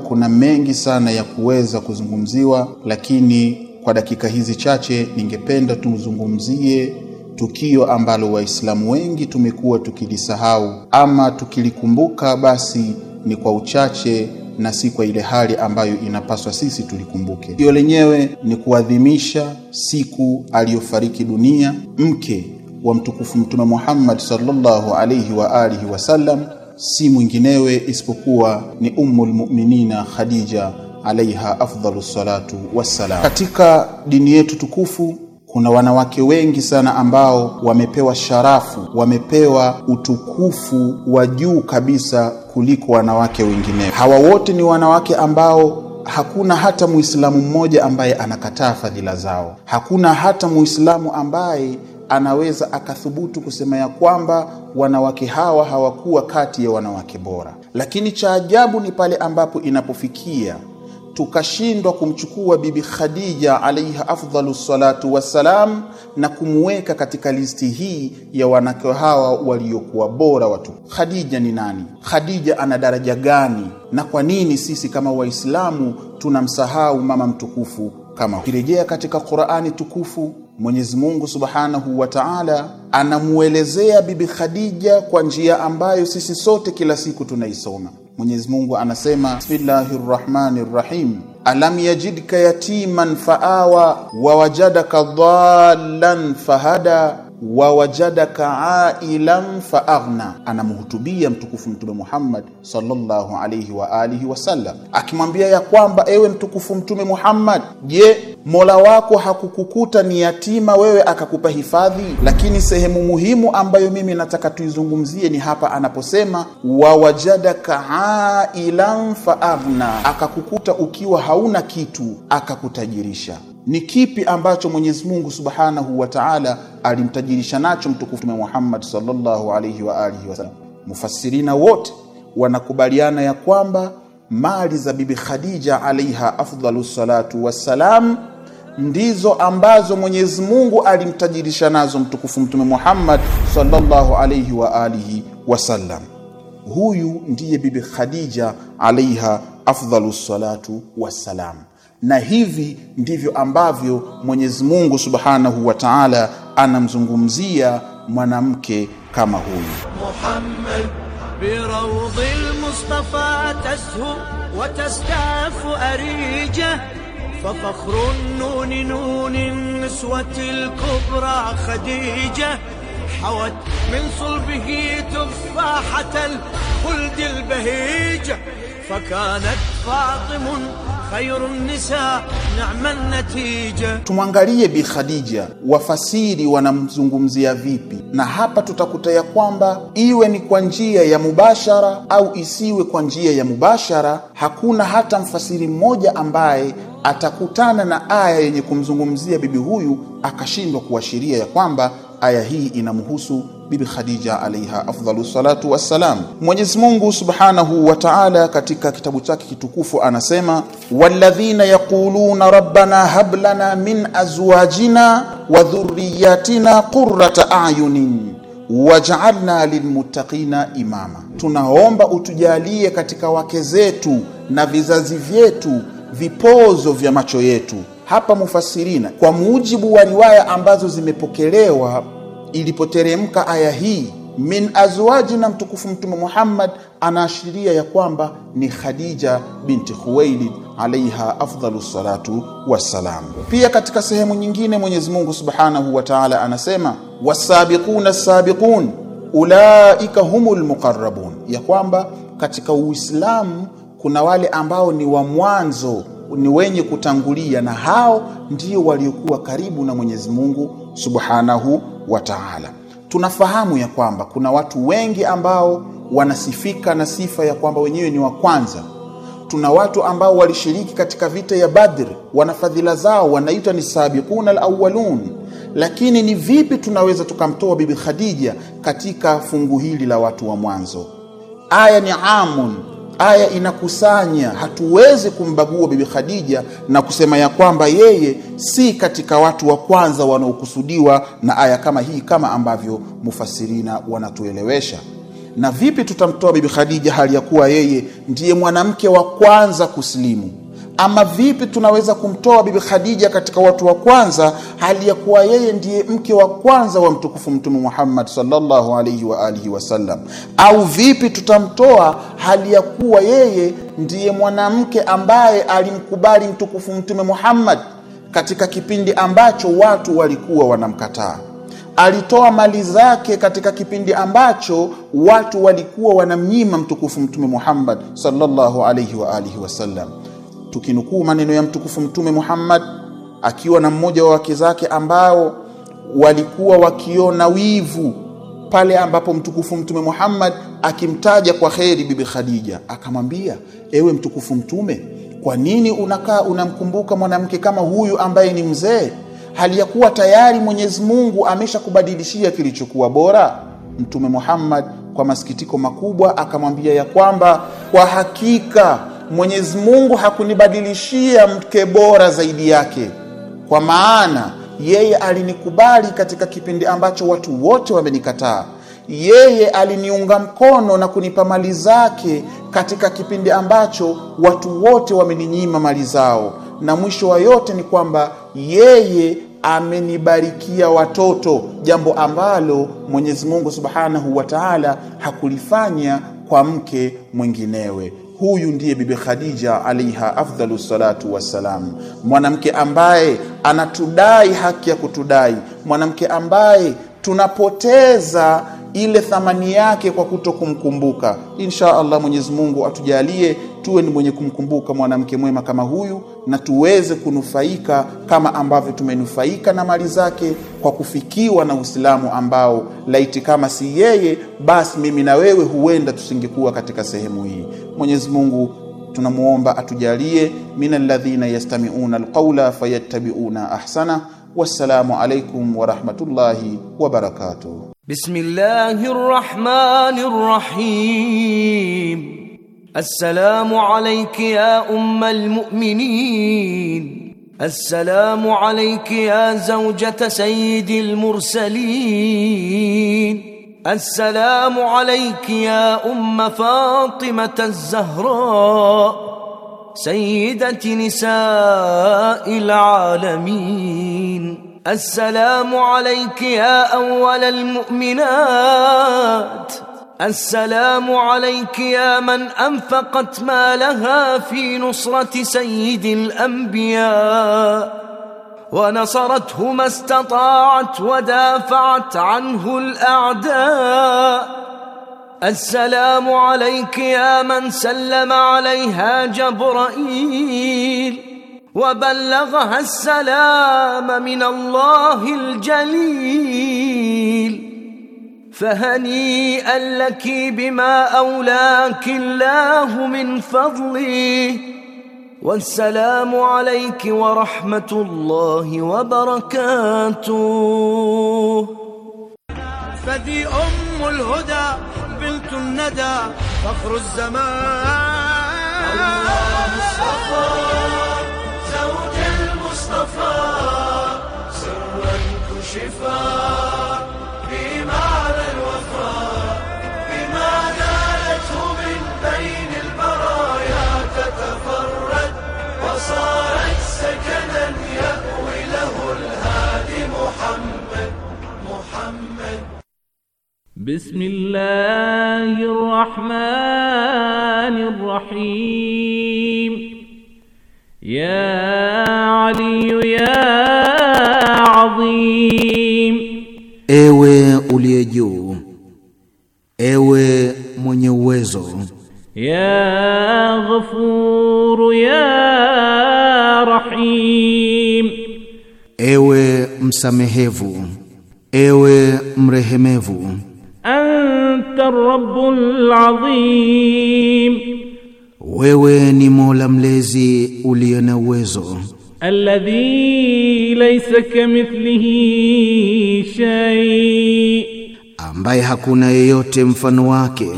[SPEAKER 10] كنا مينجي huu ya kuweza kuzungumziwa, lakini kwa dakika hizi chache ningependa tuzungumzie tukio ambalo Waislamu wengi tumekuwa tukilisahau ama tukilikumbuka basi ni kwa uchache na si kwa ile hali ambayo inapaswa sisi tulikumbuke. Hiyo lenyewe ni kuadhimisha siku aliyofariki dunia mke wa mtukufu Mtume Muhammad sallallahu alayhi wa alihi wasallam, si mwinginewe isipokuwa ni Ummul Mu'minina Khadija alaiha afdalu salatu wassalam. Katika dini yetu tukufu kuna wanawake wengi sana ambao wamepewa sharafu, wamepewa utukufu wa juu kabisa kuliko wanawake wengineo. Hawa wote ni wanawake ambao hakuna hata Muislamu mmoja ambaye anakataa fadhila zao. Hakuna hata Muislamu ambaye anaweza akathubutu kusema ya kwamba wanawake hawa hawakuwa kati ya wanawake bora. Lakini cha ajabu ni pale ambapo inapofikia tukashindwa kumchukua bibi Khadija alaiha afdhalu salatu wassalam na kumweka katika listi hii ya wanawake hawa waliokuwa bora watu. Khadija ni nani? Khadija ana daraja gani? Na kwa nini sisi kama Waislamu tunamsahau mama mtukufu kama? Kirejea katika Qur'ani tukufu Mwenyezi Mungu Subhanahu wa Ta'ala anamuelezea bibi Khadija kwa njia ambayo sisi sote kila siku tunaisoma. Mwenyezi Mungu anasema Bismillahir Rahmanir Rahim Alam yajidka yatiman faawa wa wajadaka dhallan fahada wawajadaka ailan faaghna, anamhutubia mtukufu Mtume Muhammad sallallahu alayhi wa alihi wasallam, akimwambia ya kwamba ewe mtukufu Mtume Muhammad, je, Mola wako hakukukuta ni yatima wewe akakupa hifadhi? Lakini sehemu muhimu ambayo mimi nataka tuizungumzie ni hapa anaposema wawajadaka ailan faaghna, akakukuta ukiwa hauna kitu akakutajirisha ni kipi ambacho Mwenyezi Mungu Subhanahu wa Ta'ala alimtajirisha nacho mtukufu Mtume Muhammad sallallahu alayhi wa alihi wasallam. Mufassirina wote wanakubaliana ya kwamba mali za Bibi Khadija alaiha afdalu salatu wassalam ndizo ambazo Mwenyezi Mungu alimtajirisha nazo mtukufu Mtume Muhammad sallallahu alayhi wa alihi wasallam. Huyu ndiye Bibi Khadija alaiha afdalu salatu wassalam. na hivi ndivyo ambavyo Mwenyezi Mungu Subhanahu wa Ta'ala anamzungumzia mwanamke kama huyu
[SPEAKER 8] بروض المصطفى تسهو وتستاف أريجة ففخر النون نون النسوة الكبرى خديجة حوت من صلبه تفاحة الخلد البهيجة فكانت فاطم khairun nisa ni'man natija.
[SPEAKER 10] Tumwangalie Bi Khadija, wafasiri wanamzungumzia vipi? Na hapa tutakuta ya kwamba iwe ni kwa njia ya mubashara au isiwe kwa njia ya mubashara, hakuna hata mfasiri mmoja ambaye atakutana na aya yenye kumzungumzia bibi huyu akashindwa kuashiria ya kwamba aya hii inamhusu Bibi Khadija alaiha afdhalu salatu wassalam. Mwenyezi Mungu subhanahu wa taala katika kitabu chake kitukufu anasema, walladhina yaquluna rabbana hablana min azwajina wa dhurriyatina qurrata ayunin waj'alna lilmuttaqina imama, tunaomba utujalie katika wake zetu na vizazi vyetu vipozo vya macho yetu. Hapa mufasirina, kwa mujibu wa riwaya ambazo zimepokelewa ilipoteremka aya hii min azwaji na mtukufu Mtume Muhammad anaashiria ya kwamba ni Khadija binti Khuwailid alaiha afdalu salatu wassalam. Pia katika sehemu nyingine Mwenyezi Mungu subhanahu wa taala anasema wasabiquna sabiqun ulaika humul muqarrabun, ya kwamba katika Uislamu kuna wale ambao ni wa mwanzo ni wenye kutangulia na hao ndio waliokuwa karibu na Mwenyezi Mungu subhanahu wa taala tunafahamu ya kwamba kuna watu wengi ambao wanasifika na sifa ya kwamba wenyewe ni wa kwanza tuna watu ambao walishiriki katika vita ya badr wana fadhila zao wanaitwa ni sabiqun alawalun lakini ni vipi tunaweza tukamtoa bibi khadija katika fungu hili la watu wa mwanzo aya ni amun aya inakusanya. Hatuwezi kumbagua Bibi Khadija na kusema ya kwamba yeye si katika watu wa kwanza wanaokusudiwa na aya kama hii, kama ambavyo mufasirina wanatuelewesha. Na vipi tutamtoa Bibi Khadija hali ya kuwa yeye ndiye mwanamke wa kwanza kusilimu? ama vipi tunaweza kumtoa bibi khadija katika watu wa kwanza hali ya kuwa yeye ndiye mke wa kwanza wa mtukufu mtume muhammad salllahu alaihi waalihi wasallam au vipi tutamtoa hali ya kuwa yeye ndiye mwanamke ambaye alimkubali mtukufu mtume muhammad katika kipindi ambacho watu walikuwa wanamkataa alitoa mali zake katika kipindi ambacho watu walikuwa wanamnyima mtukufu mtume muhammad salllahu alaihi waalihi wasallam tukinukuu maneno ya mtukufu Mtume Muhammad akiwa na mmoja wa wake zake ambao walikuwa wakiona wivu pale ambapo mtukufu Mtume Muhammad akimtaja kwa kheri Bibi Khadija, akamwambia ewe mtukufu Mtume, kwa nini unakaa unamkumbuka mwanamke kama huyu ambaye ni mzee, hali ya kuwa tayari Mwenyezi Mungu ameshakubadilishia kilichokuwa bora? Mtume Muhammad kwa masikitiko makubwa akamwambia ya kwamba kwa hakika Mwenyezi Mungu hakunibadilishia mke bora zaidi yake, kwa maana yeye alinikubali katika kipindi ambacho watu wote wamenikataa. Yeye aliniunga mkono na kunipa mali zake katika kipindi ambacho watu wote wameninyima mali zao. Na mwisho wa yote ni kwamba yeye amenibarikia watoto, jambo ambalo Mwenyezi Mungu Subhanahu wa Ta'ala hakulifanya kwa mke mwinginewe. Huyu ndiye Bibi Khadija alaiha afdhalu salatu wassalam, mwanamke ambaye anatudai haki ya kutudai, mwanamke ambaye tunapoteza ile thamani yake kwa kuto kumkumbuka. Insha Allah, Mwenyezi Mungu atujalie tuwe ni mwenye kumkumbuka mwanamke mwema kama huyu, na tuweze kunufaika kama ambavyo tumenufaika na mali zake kwa kufikiwa na Uislamu ambao laiti kama si yeye, basi mimi na wewe huenda tusingekuwa katika sehemu hii. Mwenyezi Mungu tunamwomba atujalie minal ladhina yastamiuna alqaula fayattabiuna ahsana. Wassalamu alaikum warahmatullahi wabarakatuh.
[SPEAKER 7] بسم الله الرحمن الرحيم السلام عليك يا أم المؤمنين السلام عليك يا زوجة سيد المرسلين السلام عليك يا أم فاطمة الزهراء سيدة نساء العالمين السلام عليك يا أول المؤمنات السلام عليك يا من أنفقت مالها في نصرة سيد الأنبياء ونصرته ما استطاعت ودافعت عنه الأعداء السلام عليك يا من سلم عليها جبرائيل وبلغها السلام من الله الجليل فهنيئا لك بما اولاك الله من فضله والسلام عليك ورحمه الله وبركاته
[SPEAKER 8] فدي ام الهدى بنت الندى فخر الزمان الله مصطفى في معنى الوفاء بما من بين البرايا تتفرد وصارت سكنا يأوي له
[SPEAKER 11] الهادي محمد محمد بسم الله الرحمن الرحيم يا علي يا
[SPEAKER 5] Ewe uliye juu, ewe mwenye uwezo.
[SPEAKER 11] Ya Ghafur ya Rahim, ewe
[SPEAKER 5] msamehevu, ewe mrehemevu.
[SPEAKER 11] Anta Rabbul Azim,
[SPEAKER 5] wewe ni Mola mlezi uliye na uwezo
[SPEAKER 11] alladhi laysa kamithlihi shay,
[SPEAKER 5] ambaye hakuna yeyote mfano wake.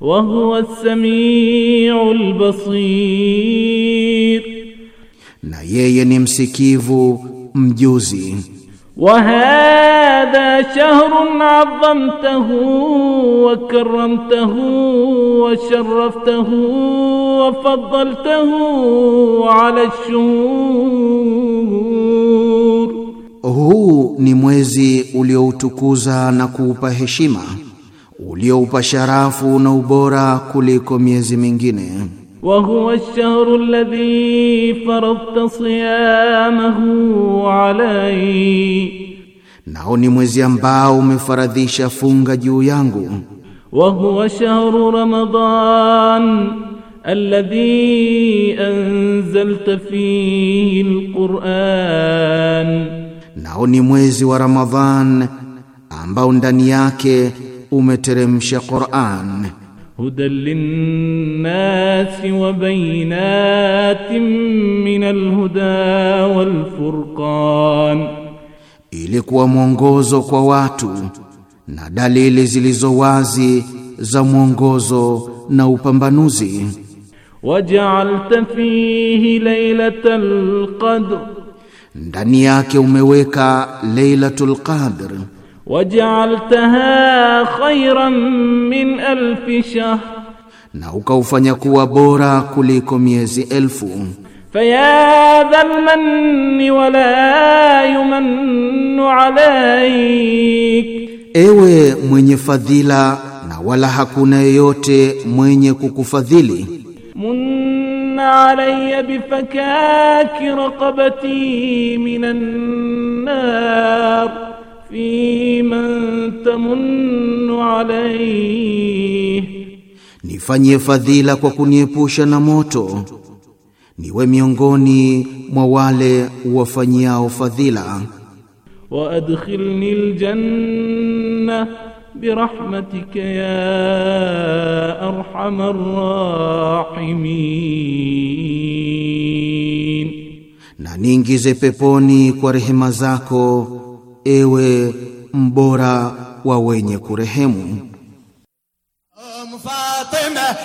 [SPEAKER 11] Wa huwa as-sami'ul basir, na yeye ni msikivu mjuzi. وهذا شهر عظمته وكرمته وشرفته وفضلته على الشهور
[SPEAKER 5] huu ni mwezi ulioutukuza na kuupa heshima ulioupa sharafu na ubora kuliko miezi mingine
[SPEAKER 11] وهو الشهر الذي faradta siyamahu alai,
[SPEAKER 5] nao ni mwezi ambao umefaradhisha funga juu yangu.
[SPEAKER 11] Wa huwa shahru Ramadan alladhi anzalta fihi alquran, nao
[SPEAKER 5] ni mwezi wa Ramadhan ambao ndani yake umeteremsha Qur'an.
[SPEAKER 11] هدى للناس وبينات من الهدى والفرقان
[SPEAKER 5] ili kuwa mwongozo kwa watu na dalili zilizo wazi za mwongozo na upambanuzi
[SPEAKER 11] waj'alta fihi lailatal qadr
[SPEAKER 5] ndani yake umeweka lailatul qadr
[SPEAKER 11] wajaltaha khairan min alf shahr,
[SPEAKER 5] na ukaufanya kuwa bora kuliko miezi
[SPEAKER 11] elfu. Faya dhal manni wala yumannu alaik, ewe mwenye fadhila
[SPEAKER 5] na wala hakuna yeyote mwenye kukufadhili.
[SPEAKER 11] Munna alayya bifakaki raqabati minan nar في من تمن عليه
[SPEAKER 5] nifanyie fadhila kwa kuniepusha na moto, niwe miongoni mwa wale wafanyiao fadhila.
[SPEAKER 11] Wa adkhilni aljanna birahmatika ya arhamar rahimin,
[SPEAKER 5] na niingize peponi kwa rehema zako ewe mbora wa wenye kurehemu
[SPEAKER 8] Fatima,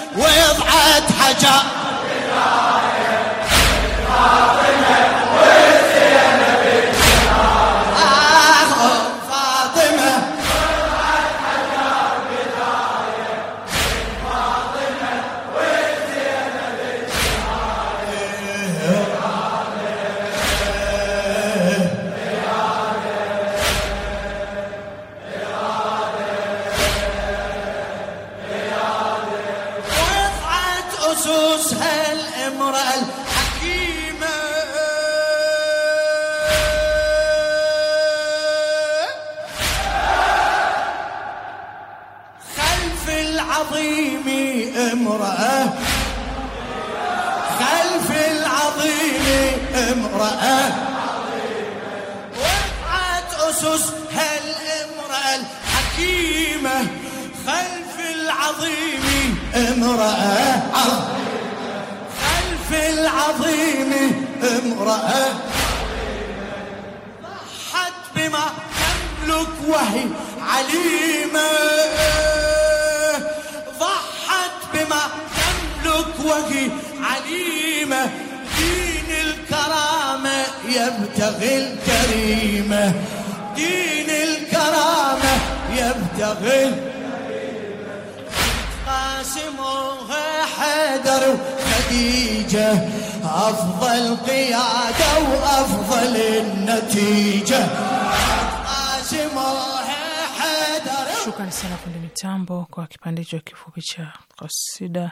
[SPEAKER 3] cha kasida,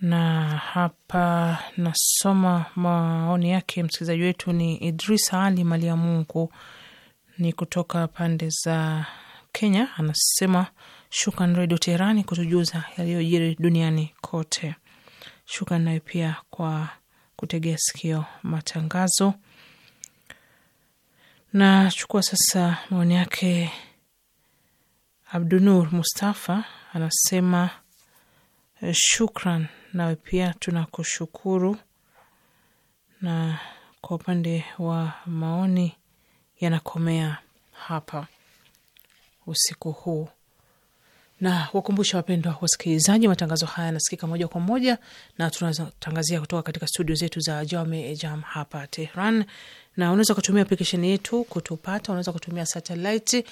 [SPEAKER 3] na hapa nasoma maoni yake. Msikilizaji wetu ni Idrisa Ali mali ya Mungu, ni kutoka pande za Kenya. Anasema shukran Redio Teherani kutujuza yaliyojiri duniani kote. Shukran nayo pia kwa kutegea sikio matangazo. Nachukua sasa maoni yake Abdunur Mustafa anasema eh, shukran, nawe pia tunakushukuru. Na kwa upande wa maoni yanakomea hapa usiku huu, na wakumbusha wapendwa wasikilizaji, matangazo haya yanasikika moja kwa moja na tunatangazia kutoka katika studio zetu za Jame Jam hapa Tehran, na unaweza kutumia aplikesheni yetu kutupata. Unaweza kutumia satelaiti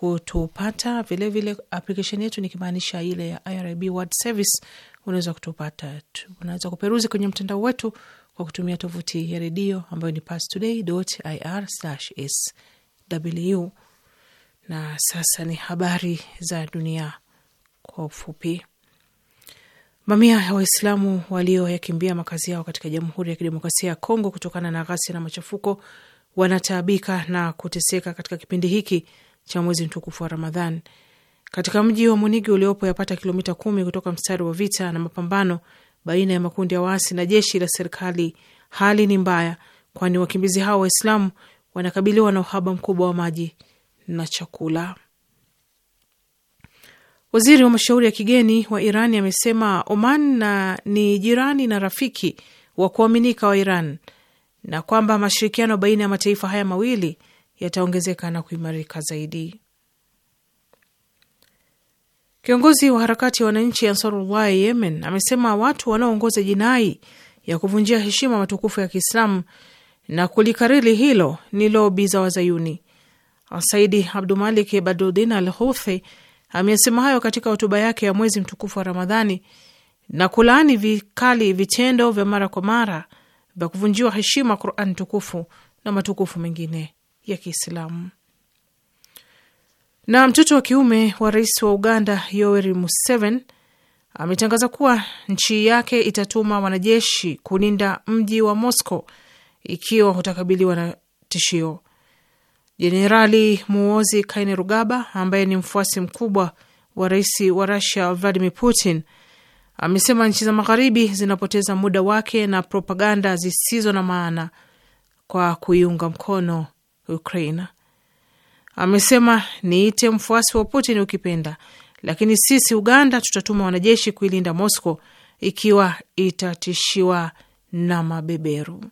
[SPEAKER 3] kutupata vilevile. Aplikesheni yetu nikimaanisha ile ya IRIB World Service, unaweza kutupata, unaweza kuperuzi kwenye mtandao wetu kwa kutumia tovuti ya redio ambayo ni pastoday.ir/sw. Na sasa ni habari za dunia kwa ufupi. Mamia ya Waislamu walioyakimbia makazi yao katika Jamhuri ya Kidemokrasia ya Kongo kutokana na ghasia na machafuko wanataabika na kuteseka katika kipindi hiki cha mwezi mtukufu wa Ramadhan. Katika mji wa Munigi uliopo yapata kilomita kumi kutoka mstari wa vita na mapambano baina ya makundi ya waasi na jeshi la serikali, hali ni mbaya, kwani wakimbizi hao Waislamu wanakabiliwa na uhaba mkubwa wa maji na chakula. Waziri wa mashauri ya kigeni wa Iran amesema Oman na ni jirani na rafiki wa kuaminika wa Iran na kwamba mashirikiano baina ya mataifa haya mawili yataongezeka na kuimarika zaidi. Kiongozi wa harakati ya wananchi Ansarullah ya Yemen amesema watu wanaoongoza jinai ya kuvunjia heshima matukufu ya Kiislamu na kulikariri hilo ni lobi za Wazayuni. Saidi Abdumalik Badudin al Huthi amesema hayo katika hotuba yake ya mwezi mtukufu wa Ramadhani na kulaani vikali vitendo vya mara kwa mara vya kuvunjiwa heshima Quran tukufu na matukufu mengine ya Kiislamu. Na mtoto wa kiume wa rais wa Uganda Yoweri Museveni ametangaza kuwa nchi yake itatuma wanajeshi kulinda mji wa Moscow ikiwa utakabiliwa na tishio. Jenerali Muozi Kainerugaba ambaye ni mfuasi mkubwa wa rais wa Rusia Vladimir Putin amesema nchi za magharibi zinapoteza muda wake na propaganda zisizo na maana kwa kuiunga mkono Ukraina. Amesema niite mfuasi wa Putin ukipenda, lakini sisi Uganda tutatuma wanajeshi kuilinda Moscow ikiwa itatishiwa na mabeberu.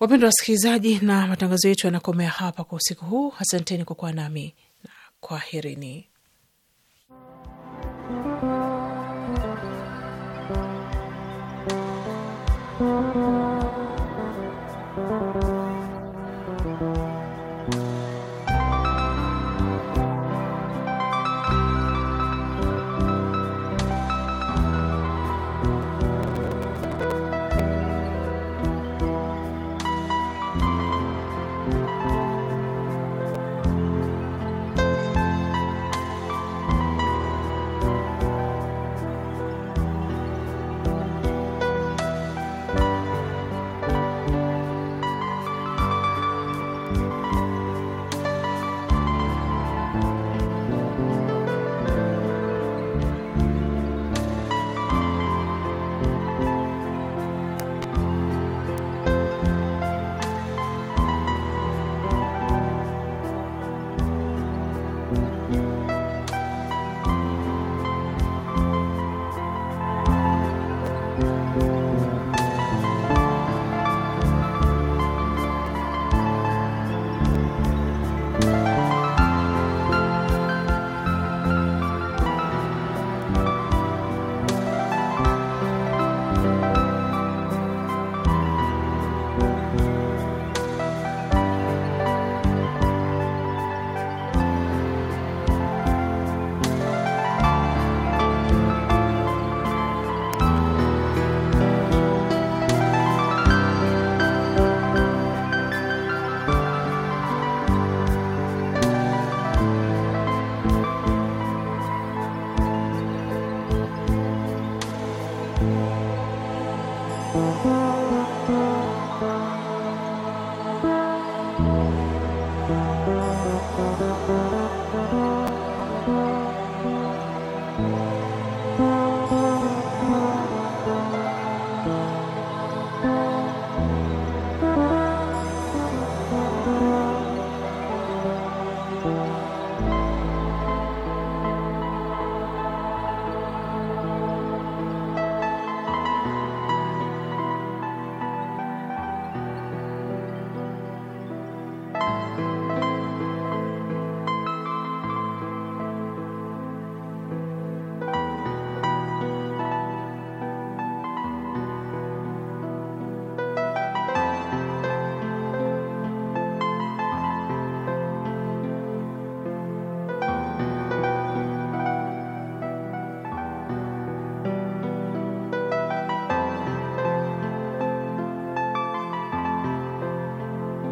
[SPEAKER 3] Wapendwa wasikilizaji, na matangazo yetu yanakomea hapa kwa usiku huu. Asanteni kwa kuwa nami na kwaherini.